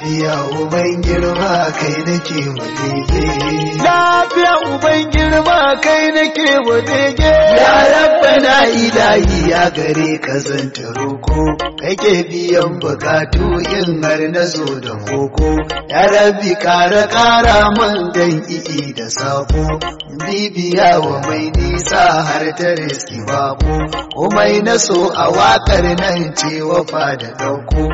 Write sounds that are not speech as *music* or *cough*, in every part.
lafiya uban girma kai nake wadege lafiya uban girma kai nake wadege ya rabbana ilahi ya gare ka zanta roko kake biyan bukatu in har na zo da hoko ya rabbi kara kara man dan i'i da sako bibiya wa mai nisa har ta riski bako umai na so a wakar nan ce fa da dauko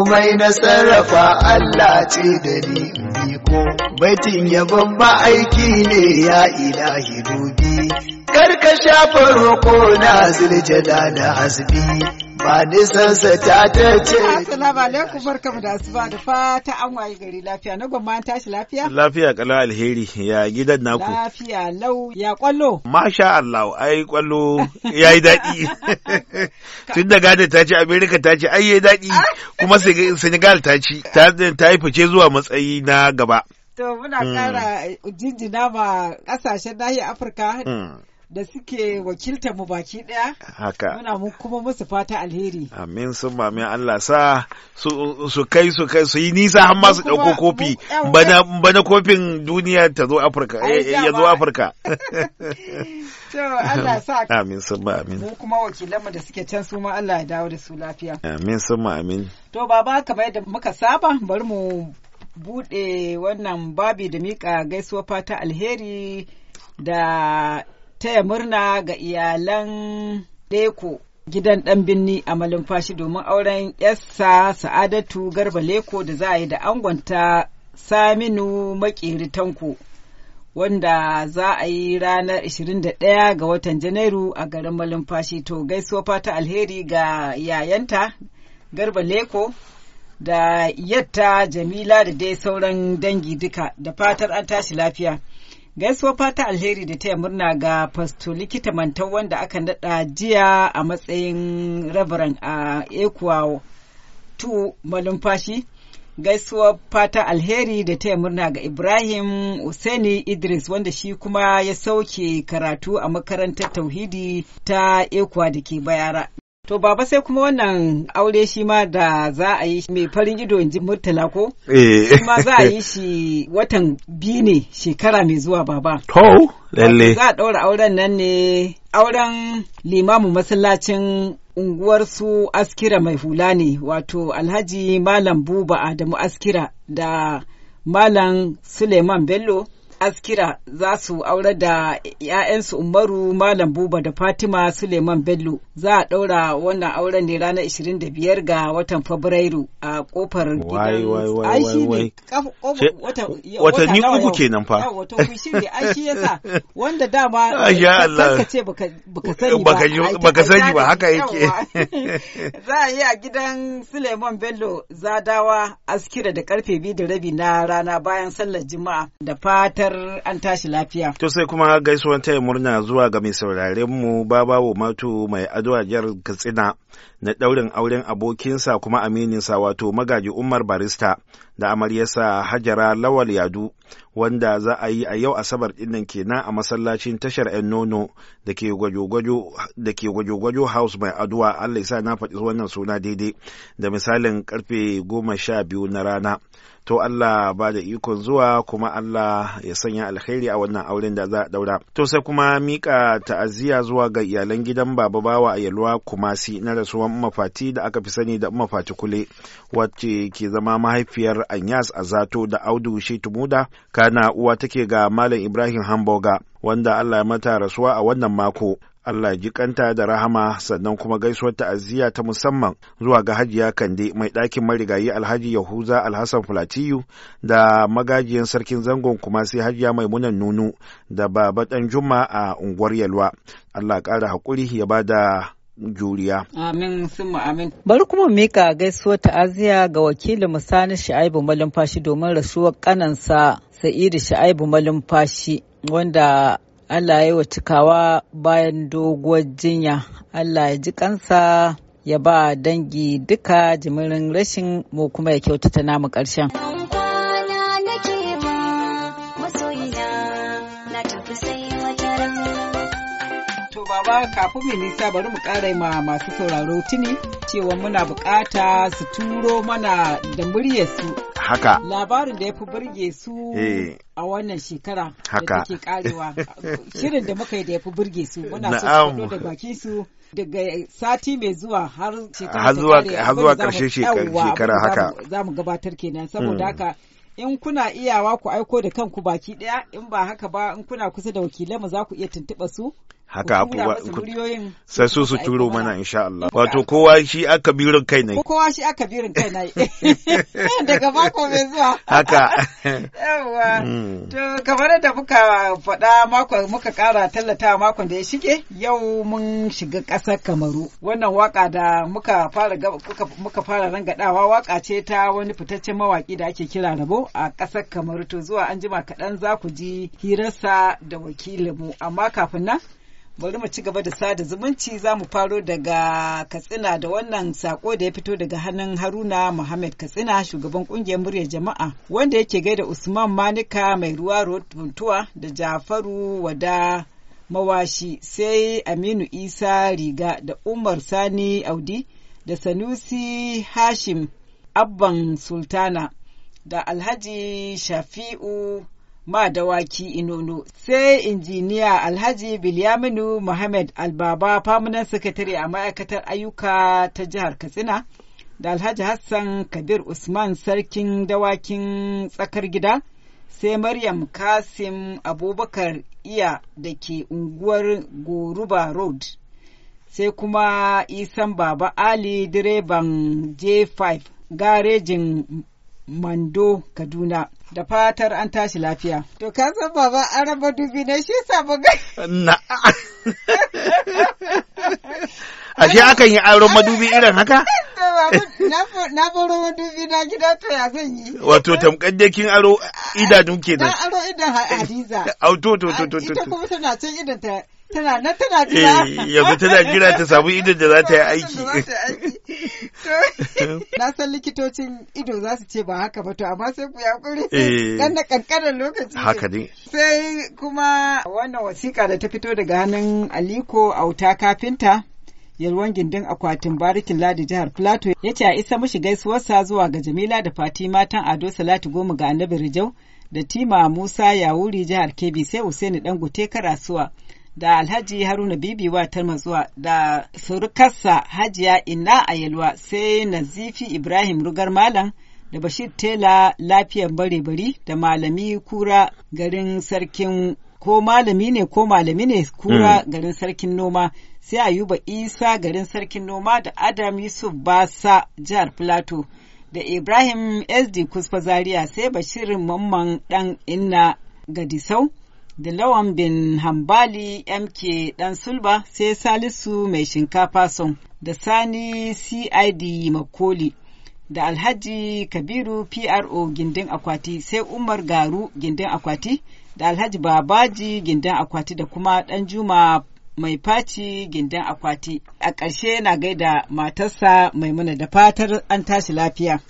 umai na sarrafa Allah ce da ni biko baitin yabon aiki ne ya ilahi dubi karka shafa roƙo na ziljada da hasbi ba nisan sa ta ta ce assalamu alaikum barkamu da asuba da fata an waye gari lafiya na gwamma an tashi lafiya lafiya kala alheri ya gidan naku lafiya lau ya kwallo masha Allah ai kwallo yayi dadi *laughs* tun da gada ta ci America ta ci ai yayi dadi ah! kuma Senegal ta ci ta yi fice zuwa matsayi na gaba To muna kara hmm. jinjina ma kasashen nahiyar Afirka hmm. da suke wakiltar mu baki daya haka muna mu kuma musu fata alheri amin sun mami Allah sa su kai su kai su yi nisa har ma su dauko kofi bana bana kofin duniya ta zo Afirka eh, ya zo Afirka *laughs* *laughs* to Allah sa amin sun ma amin mu kuma wakilan mu da suke can su ma Allah ya dawo da su lafiya amin sun ma amin to baba kamar yadda muka saba bari mu bude wannan babi da mika gaisuwa fata alheri da taya murna ga iyalan Leko gidan ɗan binni a malumfashi domin auren yassa Sa'adatu Garba Leko da za a yi da angonta Saminu maƙeri Tanko. Wanda za a yi ranar 21 ga watan Janairu a garin malumfashi to gaisuwa fata alheri ga yayanta Garba Leko da yatta Jamila da dai sauran dangi duka da fatar an tashi lafiya. Gaisuwa fata alheri da taya murna ga fasto likita mantau wanda aka naɗa jiya a matsayin rabaran a ekuwa tu malumfashi. Gaisuwa fata alheri da taya murna ga Ibrahim Useni Idris wanda shi kuma ya sauke karatu a makarantar tauhidi ta ekuwa da ke bayara. To baba sai kuma wannan aure shi ma da za a yi mai farin ido in ji murtala ko? Eh. Shi za a yi shi watan biyu ne shekara mai zuwa baba. To, lalle. Za a ɗaura auren nan ne auren Limamu masallacin unguwar su askira mai hula ne wato alhaji malam buba adamu askira da malam suleiman bello askira za su aure da 'ya'yansu umaru malam buba da fatima suleiman bello za a ɗaura wannan auren ne ranar 25 ga watan fabrairu a kofar gidan watanni uku kenan fa wanda dama *laughs* ka ce baka sani ba haka yake *laughs* za a yi a gidan suleiman bello zadawa askira da karfe biyu da rabi na rana bayan sallar juma'a da fata fatar an tashi lafiya. To sai kuma gaisuwan taya murna zuwa ga mai sauraren mu babawo matu mai addu'a jar Katsina na daurin auren abokinsa kuma amininsa wato magaji Umar Barista da amaryarsa Hajara Lawal Yadu wanda za a yi a yau Asabar ɗinnan kenan a masallacin tashar 'yan nono da ke gwajo-gwajo House mai addu'a Allah ya sa na faɗi wannan suna daidai da misalin karfe goma sha biyu na rana. to Allah ba da ikon zuwa kuma Allah ya sanya alkhairi a wannan auren da za a daura to sai kuma mika ta'aziyya zuwa ga iyalan gidan baba bawa a yalwa kumasi na rasuwan mafati da aka fi sani da mafati kule wacce ke zama mahaifiyar anyas azato da audu shetu muda kana uwa take ga malam ibrahim hamburger wanda Allah ya mata rasuwa a wannan mako Allah ji jikanta da rahama sannan kuma gaisuwar ta'aziyya ta musamman zuwa ga Hajiya Kande mai ɗakin marigayi Alhaji Yahuza Alhassan Fulatiyu da magajiyan sarkin zangon kuma sai Hajiya Maimunan Nunu da Baba Juma a unguwar Yalwa. Allah ƙara haƙuri ya ba da juriya. Amin sun amin. Bari kuma mika gaisuwar ta'aziyya ga wakilin musani Sha'ibu Malumfashi domin rasuwar kanansa Sa'idu Sha'ibu Malumfashi wanda Allah ya yi wa cikawa bayan doguwar jinya. Allah ya ji kansa ya ba dangi duka jimirin rashin mu kuma ya kyautata namu ƙarshen. baba kafin mai nisa bari mu ƙara ma masu sauraro tuni cewa muna bukata su turo mana da muryarsu haka labarin da ya fi burge su eh. a wannan shekara da take karewa shirin da muka yi da ya fi burge su muna so da baki su daga sati mai zuwa har shekara zuwa karshen shekara haka za mu gabatar kenan saboda hmm. haka in kuna iyawa ku aiko da kanku baki daya in ba haka ba in kuna kusa da wakilai mu za ku iya tuntuɓa su haka sai su su turo mana insha Allah wato kowa shi aka birin kai ne kowa shi aka birin kai ne *laughs* daga mako mai zuwa haka *laughs* yawa hmm. to kamar da muka faɗa mako muka ƙara tallata makon da ya shige yau mun shiga ƙasar Kamaru wannan waka da muka fara muka fara rangadawa waka ce ta wani fitaccen mawaki da ake kira Rabo a ƙasar Kamaru to zuwa an jima kaɗan za ku ji hirarsa da wakilinmu amma kafin nan bari mu ci gaba da sada zumunci za mu faro daga katsina da wannan sako da ya fito daga hannun haruna muhammad katsina shugaban kungiyar muryar jama'a wanda yake gaida usman manika mai ruwa rotuntuwa da jafaru wada mawashi sai aminu isa riga da umar sani audi da sanusi hashim abban sultana da alhaji shafi'u ma dawaki inono sai injiniya alhaji bilyaminu muhammad albaba famunan sakatare a ma'aikatar ayyuka ta jihar katsina da alhaji hassan kabir usman sarkin dawakin tsakar gida sai maryam kasim abubakar iya da ke unguwar goruba road sai kuma isan baba ali direban j5 garejin Mando Kaduna. Da fatar an tashi lafiya. To ka san baba an raba dubi ne shi samu gai. Na. shi akan yi aron madubi irin haka? Na baro dubi na gida to ya zan yi. Wato tamkar da kin aro idanun kenan. Na aro idan Hadiza. Au to to to to. Ita kuma tana can idan ta tana nan tana jira. Eh, yanzu tana jira ta samu idan da za ta yi aiki. *laughs* Na san likitocin ido za su ce ba haka ba to amma sai ku kuri eh. dan da kankanin lokaci. Haka ne. Sai kuma wannan wasiƙa da ta fito daga hannun Aliko Auta Kafinta. Yalwan gindin akwatin barikin ladi jihar Plateau ya ce a isa mishi gaisuwarsa zuwa ga Jamila da fatima tan Ado Salatu goma ga Annabi Rijau da Tima Musa Yawuri jihar Kebbi sai Usaini Dangote Karasuwa. da Alhaji Haruna Bibi wa zuwa da surukarsa Hajiya ina a Yalwa sai Nazifi Ibrahim Rugar Malam da Bashir Tela lafiyar bare-bari da Malami Kura garin sarkin ko malami ne ko malami ne kura hmm. garin sarkin noma sai Ayuba Isa garin sarkin noma da Adam Yusuf Basa jihar Plateau da Ibrahim SD Kusfa Zaria sai Bashir Mamman dan Inna Gadisau. da lawan bin hambali mk dan sulba sai salisu mai shinkafa son da sani cid makoli da alhaji kabiru pro gindin akwati sai umar garu gindin akwati da alhaji babaji gindin akwati da kuma dan juma mai faci gindin akwati a ƙarshe na gaida matarsa maimuna da fatar an tashi lafiya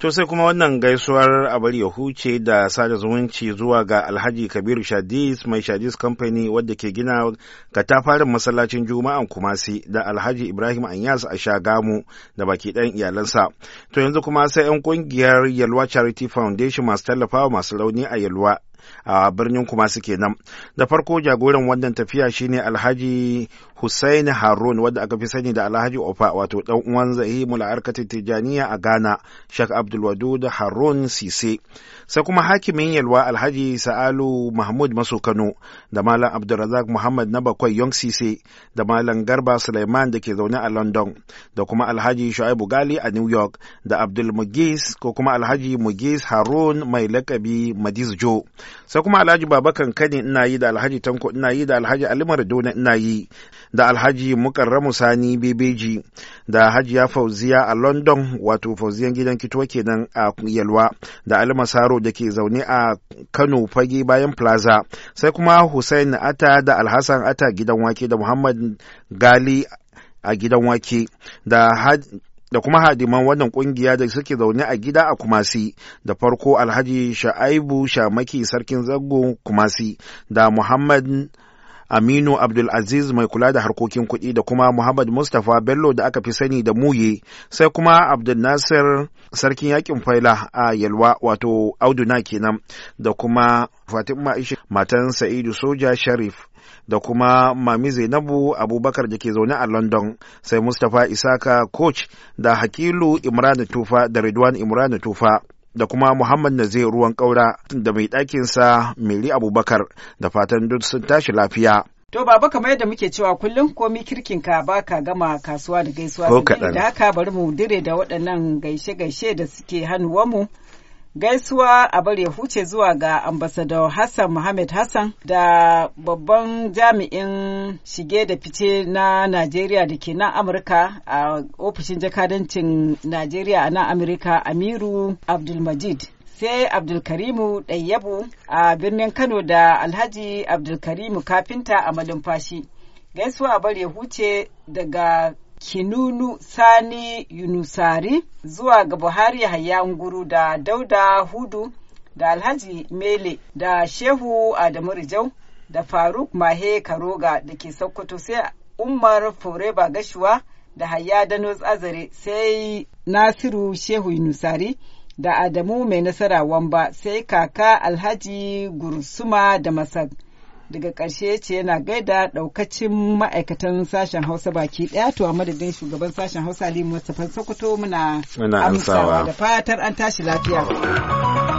To sai kuma wannan gaisuwar a abar ya huce da sada zumunci zuwa ga Alhaji Kabiru Shadis mai Shadis Company wadda ke gina katafarin masallacin Juma'an Kumasi da Alhaji Ibrahim Anyas a Shagamu da baki ɗan iyalansa. To yanzu kuma sai 'yan ƙungiyar Yalwa Charity Foundation masu tallafawa masu rauni a Yalwa a birnin kuma suke nan da farko jagoran wannan tafiya shine alhaji hussaini harun wadda aka fi sani da alhaji ofa wato dan uwan zahimul harkatin tijaniya a ghana shak abdulwadud harun sise sai kuma hakimin yalwa alhaji sa'alu mahmud maso kano da malam abdulrazak muhammad na bakwai yong sise da malam garba suleiman da ke zaune a london da kuma alhaji shu'aibu gali a new york da abdul mugis ko kuma alhaji mugis harun mai lakabi madis jo sai kuma alhaji babakan kani ina yi da alhaji tanko ina yi da alhaji alimar duna ina yi da alhaji mukarramu sani bebeji da hajiya fauziya a london wato fauziyan gidan kituwa kenan a yalwa da saro. yaro da ke zaune a Kano fage bayan Plaza sai kuma Hussein Ata da Alhassan Ata gidan wake da Muhammad Gali a gidan wake da da kuma hadiman wannan kungiya da suke zaune a gida a kumasi da farko alhaji sha'aibu shamaki sarkin zango kumasi da muhammad Aminu Abdulaziz mai kula da harkokin kuɗi da kuma Muhammad Mustapha Bello da aka fi sani da Muye, sai kuma Abdul Nasir sarkin yakin faila a Yalwa wato Auduna kenan da kuma Fatima Aisha matan Sa'idu Soja Sharif da kuma Mami Zainabu Abubakar da ke zaune a London sai Mustapha Isaka coach da Hakilu Imrana Tufa da Ridwan imran Tufa. da kuma Muhammad Nazir ruwan ƙaura da mai ɗakin sa Meli Abubakar da fatan duk sun tashi lafiya. To baba kamar yadda muke cewa kullum komi kirkin ka ba ka gama kasuwa da gaisuwa da haka bari mu dire da waɗannan gaishe-gaishe da suke hannuwanmu. mu. gaisuwa a ya huce zuwa ga ambasador Hassan Muhammad Hassan da babban jami'in shige da fice na Najeriya da ke nan Amurka a ofishin jakadancin Najeriya a nan Amurka Amiru Abdulmajid. sai abdulkarimu ɗayyabu a birnin kano da alhaji abdulkarimu kafinta a malumfashi gaisuwa ya huce daga Kinunu Sani Yunusari zuwa ga Buhari Yahaya Nguru da Dauda Hudu da Alhaji Mele da Shehu Adamu Rijau da Faruk Mahe Karoga da ke Sokoto sai Umar Foreba Gashuwa da Hayya Dano Azare sai Nasiru Shehu Yunusari da Adamu Mai Nasara Wamba sai kaka Alhaji Gursuma da Masar. daga ƙarshe ce yana gaida ɗaukacin ma'aikatan sashen hausa baki ɗaya to a madadin shugaban sashen hausa ali wasu sokoto muna amsawa da fatar an tashi lafiya.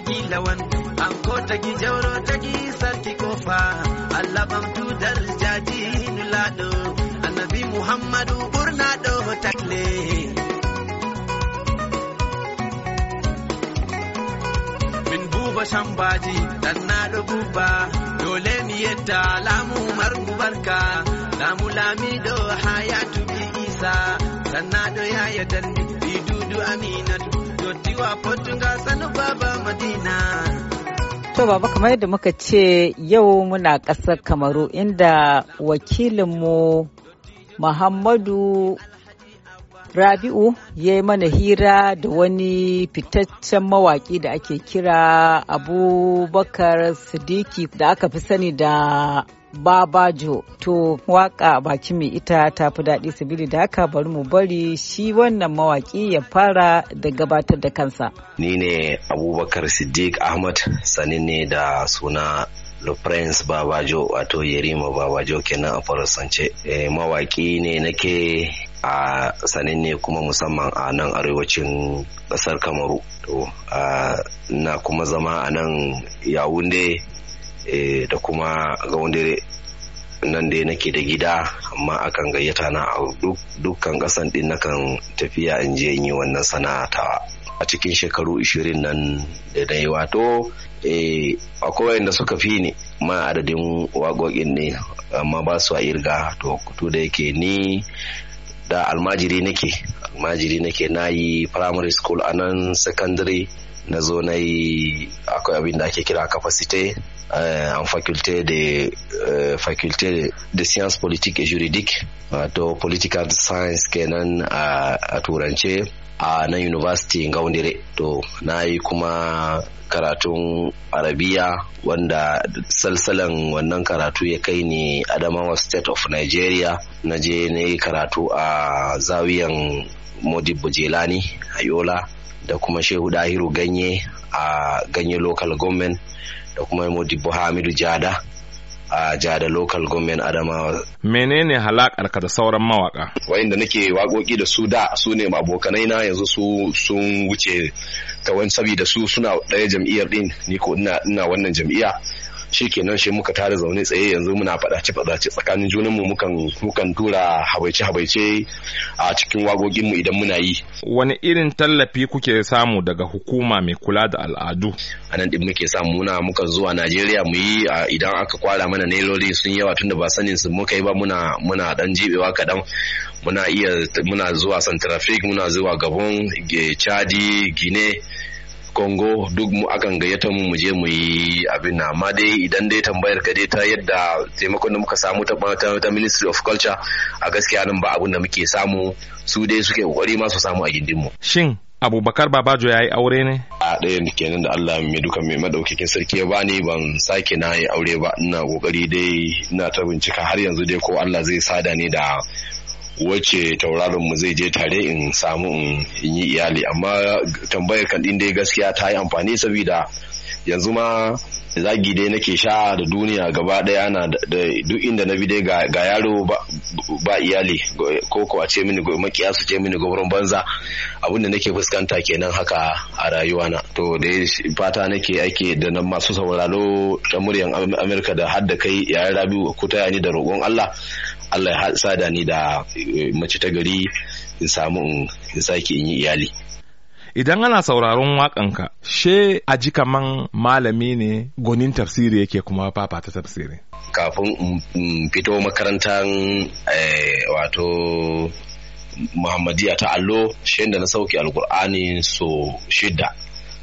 tagi lawan an ko tagi jauro tagi sarki kofa Allah ban tudar jaji nulado annabi Muhammadu burnado takle min buba shambaji dan na buba dole mi yadda lamu margu barka lamu lamido hayatu bi isa sanna do yaya dan bi dudu aminatu To baba kamar yadda muka ce yau muna ƙasar Kamaru inda wakilinmu Muhammadu Rabi'u ya yi mana hira da wani fitaccen mawaƙi da ake kira Abubakar Sidiki da aka fi sani da babajo to waka baki mai ita ta fi daɗi su da haka bari mu bari shi wannan mawaki ya fara da gabatar da kansa ni ne abubakar siddiq ahmad sani ne da suna Le Prince Babajo wato Yarima Babajo kenan a Faransance e, eh, mawaki ne nake a ne kuma musamman a nan arewacin ƙasar Kamaru to na kuma zama a nan Yawunde? Eh, da kuma wanda nan dai nake da gida amma akan gayyata na a dukkan kasan din nakan tafiya in je inyi yi wannan sana'ata a cikin shekaru ishirin nan da na yi wato eh, akwai inda suka fi ni ma adadin waƙoƙin ne amma ba su a irga to da yake ni da almajiri nake almajiri nake na yi primary school a nan secondary na zo na yi akwai abin da ake kira capacité eh, en faculté de eh, faculté de science politique et juridique wato political science kenan a turance a na university gaundire to na yi kuma karatun arabiya wanda salsalan wannan karatu ya kai ni adamawa state of nigeria na je na karatu a zawiyan modibbo jelani a yola da kuma shehu dahiru ganye a ganye local government da kuma modibbo hamidu jada a da local government adamawa menene halakar ka da sauran mawaka wayanda nake waƙoƙi da su da su ne abokanai na yanzu su sun wuce ta wani saboda su suna ɗaya jam'iyyar din ni ko ina ina wannan jam'iyya Shi shikenan shi muka tare zaune tsaye yanzu muna faɗace faɗace tsakanin junan mu mukan tura habaice habaice a cikin wagogin mu idan muna yi wani irin tallafi kuke samu daga hukuma mai kula da al'adu a nan din muke samu muna muka zuwa Najeriya mu yi idan aka kwara mana neloli sun yawa tunda ba sanin su muka yi ba muna muna dan jibewa kadan muna iya muna zuwa Central muna zuwa Gabon Chadi Guinea kongo duk mu akan gayyata mu mu je mu yi abin na amma dai idan dai tambayar ka dai ta yadda taimakon da muka samu ta ta Ministry of Culture a gaskiya nan ba abin da muke samu su dai suke kokari ma su samu a gindin mu shin Abubakar Babajo ya yi aure ne? A ɗaya kenan da Allah mai duka mai madaukakin sarki ya bani ban sake na yi aure ba ina kokari dai ina ta bincika har yanzu dai ko Allah zai sada ne da wacce tauraron mu zai je tare in samu in yi iyali amma tambayar kan din dai gaskiya ta yi amfani saboda yanzu ma zagi dai nake sha da duniya gaba daya na da duk inda na bi dai ga yaro ba iyali ko kuwa ce mini makiya su ce mini gwamnan banza abinda nake fuskanta kenan haka a rayuwa na to da fata nake ake da nan masu sauraro ta muryan amurka da hadda kai yayin rabiu ku taya ni da roƙon allah Allah ya da ni da eh, mace ta gari in samu in sake in yi iyali idan ana sauraron waƙanka she a ji kaman malami ne gonin tafsiri yake kuma fafa ta tafsiri kafin in fito makarantar eh, wato Muhammadiyya ta allo she da na sauke alkur'ani so shida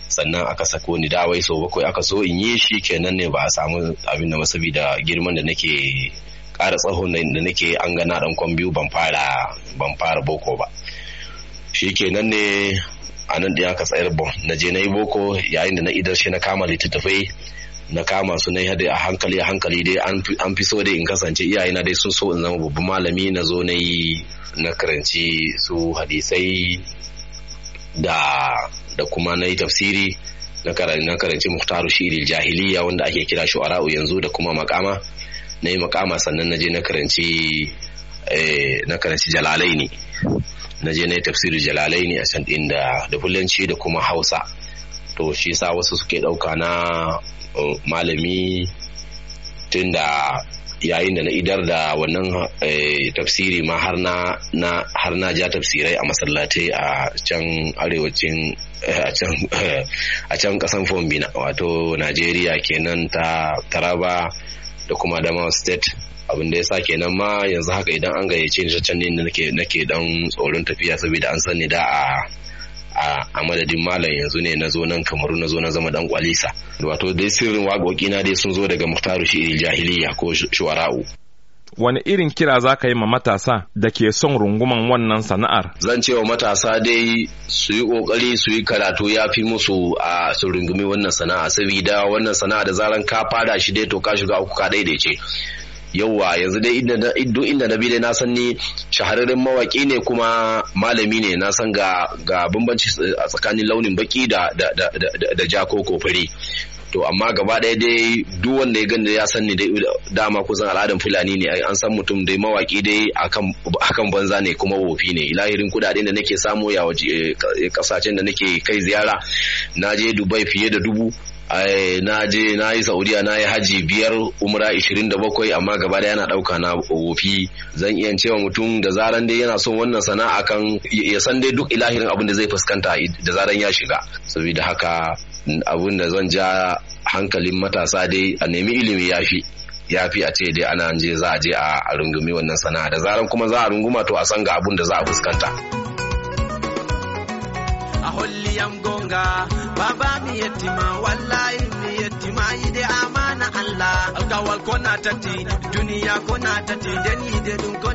sannan aka sako ni dawai so bakwai aka so in yi shi kenan ne ba a samu abin da masabi da girman da nake kara tsahon da nake an gana dan kwan biyu ban fara ban fara boko ba shi kenan ne a nan ɗin aka tsayar bon na je na yi boko yayin da na idar shi na kama littattafai na kama su na hada a hankali a hankali dai an fi so dai in kasance na dai sun so in zama babban malami na zo na yi na karanci su hadisai da kuma na yi tafsiri na karanci muhtaru shiril jahiliya wanda ake kira shu'ara'u yanzu da kuma makama na yi makama sannan na je na karanci eh, na karanci jalalai ne na je na yi tafsirin jalalai ne a can inda da da da kuma hausa to shi sa wasu suke ɗauka na eh, malami tun da yayin da na idar da wannan eh, tafsiri ma har na har na ja tafsirai a masallatai a can arewacin a can kasan *laughs* fombina wato najeriya kenan ta taraba da kuma adamawa state abin da ya sa kenan ma yanzu haka idan an gayyace ni can ne nake nake dan tsoron tafiya saboda an sani da a a madadin malam yanzu ne na zo nan kamaru na zo na zama dan kwalisa wato dai sirrin waƙoƙi na dai sun zo daga muhtaru shi jahiliya ko shuwara'u wani irin kira za ka yi ma matasa da ke son runguman wannan sana'ar? Zan ce wa matasa dai su yi ƙoƙari su yi karatu ya fi musu a su rungumi wannan sana'a saboda wannan sana'a da zaran ka fara shi dai to ka shiga uku ka daidaice. yauwa yanzu dai duk inda na bi dai na san ni shahararren mawaki ne kuma malami ne na san ga bambanci eh, a tsakanin launin baki da ja ko fari to amma gaba ɗaya dai duk wanda ya gani ya san ni dai dama kusan al'adan fulani ne an san mutum dai mawaki dai akan banza ne kuma wofi ne lahirin kudaden da nake samu ya eh, da nake kai ziyara na je dubai fiye da dubu na je na yi saudiya na yi haji biyar umra 27 amma gaba da yana dauka na wofi zan iya cewa mutum da zaran dai yana son wannan sana'a kan ya san dai duk ilahirin abin da zai fuskanta da zaran ya shiga saboda haka abin da zan ja hankalin matasa dai a nemi ilimi ya fi ya fi a ce dai ana je za a je a rungumi wannan sana'a da zaran kuma za a runguma to a san ga abin da za a fuskanta. yam gonga baba mi wallahi mi amana Allah alkawal ko na duniya ko den ko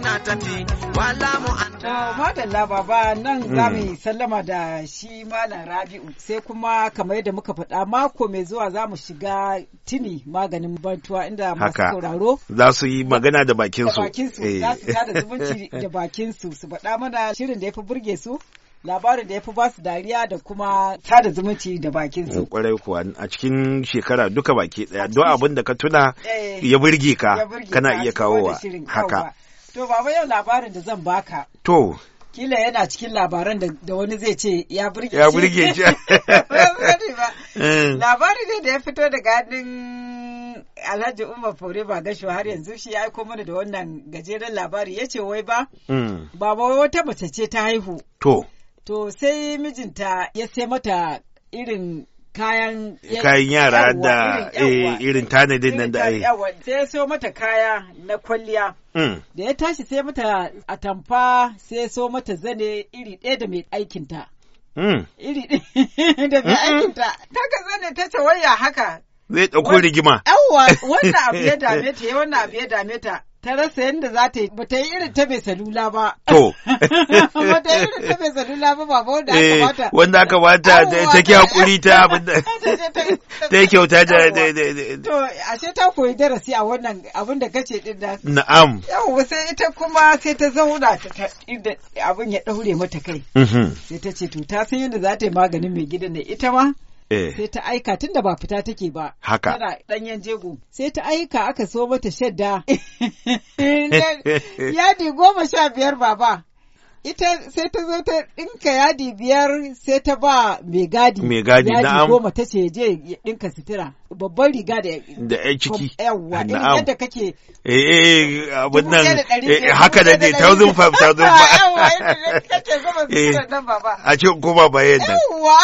wala anta madalla baba nan hmm. za sallama da shi malam Rabi'u sai kuma kamar yadda muka faɗa mako mai zuwa za shiga tini maganin bantuwa inda masu sauraro za su yi magana da bakin su za su eh. da zubunci da bakin su su faɗa mana shirin da ya fi burge su labarin da ya fi basu dariya da kuma sada zumunci da bakin su. Eh, kwarai kuwa a cikin shekara duka baki daya don abin da ka tuna eh, ya burge ka kana iya kawowa haka. To baba yau labarin da zan baka. To. Kila yana cikin labaran da wani zai ce ya burge Ya burge ce. *laughs* Eh. Labarin ne da ya fito daga hannun Alhaji Umar Fure ba gashi har yanzu shi ya aiko mana da wannan gajeren labari ya ce wai ba. Mm. Baba wata mace ce ta haihu. To. to sai mijinta ya sai mata irin kayan kayan yara da eh, irin tanadin nan da ai sai ya so mata kaya na kwalliya mm. da ya tashi sai mata atamfa sai ya so mata zane iri ɗaya da mai aikinta mm. iri *laughs* da mai aikinta ta ka zane ta tawaya haka zai ɗauko rigima yawwa wannan abu ya *laughs* dame ta eh, wannan abu ya dame ta ta rasa yadda za ta yi ba ta yi irin ta mai salula ba. To. *laughs* Ba ta yi irin ta mai salula ba ba wanda aka eh, bata. Wanda aka bata ta ki hakuri ta *laughs* abin da ta yi kyauta da. To ashe ta koyi darasi a wannan abin da kace din da. Na'am. Yawwa sai ita kuma sai ta zauna ta inda abin ya daure mata kai. Mhm. Sai ta ce to ta san yadda za ta yi maganin mai gidan da ita ma. Eh. sai ta aika tunda ba fita take ba haka tana ɗanyen jego sai ta aika aka so mata shadda *laughs* yadi goma sha biyar baba ita sai ta zo ta ɗinka yadi biyar sai ta ba mai gadi mai gadi yadi goma ta ce je ya ɗinka sutura babban riga da da yan ciki Yawwa. irin yadda kake eh eh, eh abin nan eh, haka da ne thousand five thousand five *laughs* yadda kake goma *laughs* sutura nan baba a cikin goma ba yadda. Yawwa.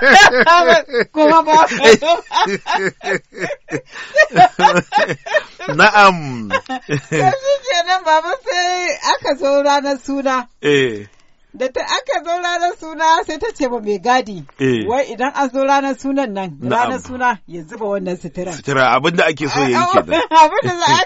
*laughs* Kuma ba *laughs* Na'am. Yanzu nan baba sai aka zo ranar suna. Eh. da ta aka zo ranar suna sai ta ce ba mai gadi eh. wai idan an zo ranar sunan nan ranar suna ya zuba wannan sutura sutura abin da ake so ya yi kenan *laughs* abin da za a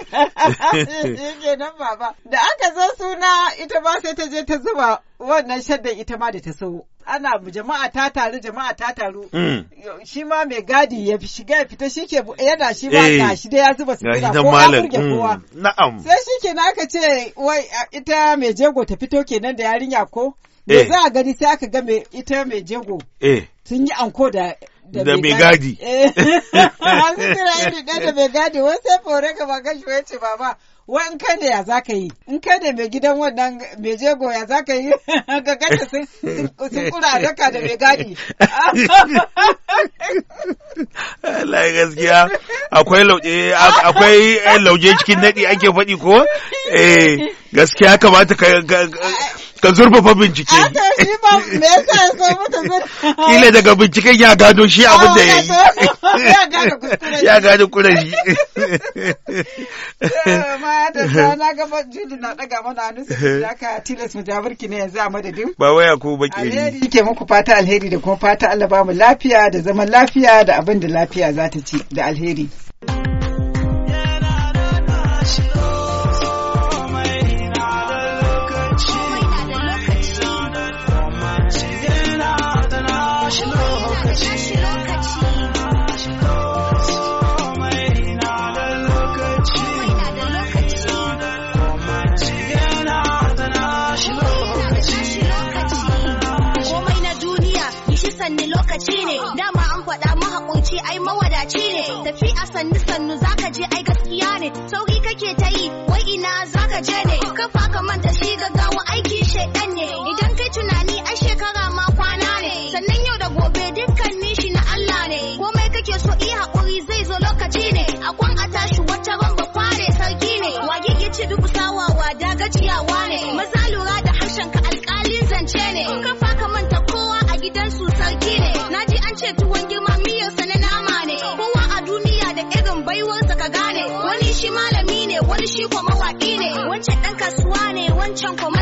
kenan baba da aka zo suna ita ba sai ta je ta zuba wannan shaddan ita ma da ta so ana jama'a ta taru jama'a ta taru mm. shi ma mai gadi ya shiga ya fita shike yana shi eh. ba ga shi da ya zuba su ko burge mm, kowa na'am sai shi ke na aka ce wai ita mai jego ta fito kenan da yarinya ko Me eh. za a gani sai aka ga mai ita mai jego eh. sun yi anko da da mai gadi eh *laughs* an kira iri da mai gadi wai sai fore ka ba kashi wace baba wai in kai ne ya za ka yi in kai ne mai gidan wannan mai jego ya za ka yi *laughs* ka kashe sun kura daka da mai gadi Allah gaskiya akwai lauje akwai eh, lauje cikin nadi ake faɗi ko eh gaskiya kamata ka ka zurfafa bincike. Kila daga binciken ya gado shi abin da ya yi. Ya gado kura shi. Eh, ma da na gaba jini na ɗaga mana hannu su ya ka tilas mu burki ne yanzu a madadin. Ba waya ko baki. Alheri ke muku fata alheri da kuma fata Allah ba mu lafiya da zaman lafiya da abin da lafiya za ta ci da alheri. kake ta yi wai ina zaka je ne kafa ka manta shi gaggawa aiki Son